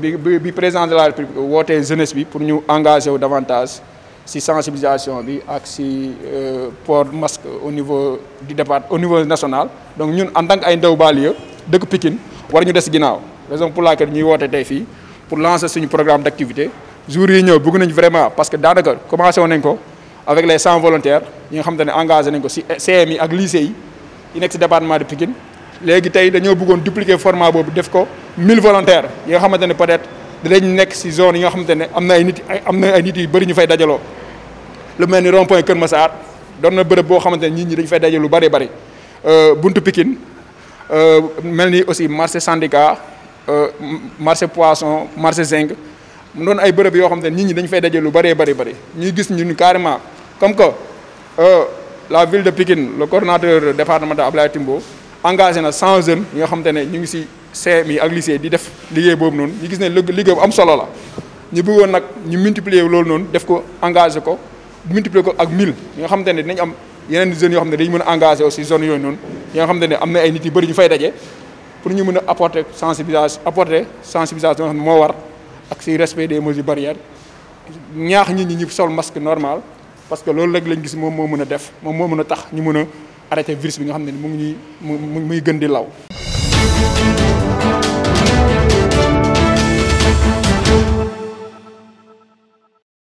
bi bi président de la république jeunesse pour nous engager davantage davantage si sensibilisation bi ak si euh, port masque au niveau du départ au niveau national donc nous, en tant que ay ndaw pour dëkk Pikine war ñu dess ginaaw. raison pour laquelle nous avons tay fi pour lancer suñu programme d'activité. Jour yi ñeu bëgg nañ vraiment parce que daanaka commencé nous avons ko avec les 100 volontaires ñi nga xam engagé nañ ko si CM ak lycée yi yi département de Pikine Légui tay dañu bëggone dupliquer format de def ko mille volontaires yi nga xamante ne peut-être nekk si zone yi nga xamante ne am na ay nit am na ay nit yu bëri ñu fay dajaloo lu mel ni rond-point Kër Massar doon na bërëb boo xamante ne nit ñi dañu fay dajalu bëri bari euh, buntu Pikine euh, mel ni aussi marché syndicat euh, marché poisson marché zinc mu doon ay bërëb yoo xamante ne nit ñi dañu fay dajalu bëree bëri bëri ñuy gis ñun carrément comme que la ville de Pikine le coordonnateur départemental Ablaye timboo engagé na cent jeunes yi nga xam ne ñu ngi si CM yi ak lycée di def liggéey boobu noonu ñu gis ne liggéey bu am solo la ñu bëggoon nag ñu multiplier loolu noonu def ko engagé ko multiplier ko ak mille yi nga xam te ne dinañ am yeneen jeunes yoo xam ne dañu mën a engagé aussi zone yooyu noonu yi nga am na ay nit yi bëri ñu fay daje pour ñu mën a apporter sensibilisation apporter sensibilisation moo war ak si respect des mesures barrières ñaax nit ñi ñu sol masque normal parce que loolu rek lañ gis moom moo mën a def moom moo mën a tax ñu mën a arrêté virus bi nga xam ne mu ngi ñuy muy gën di law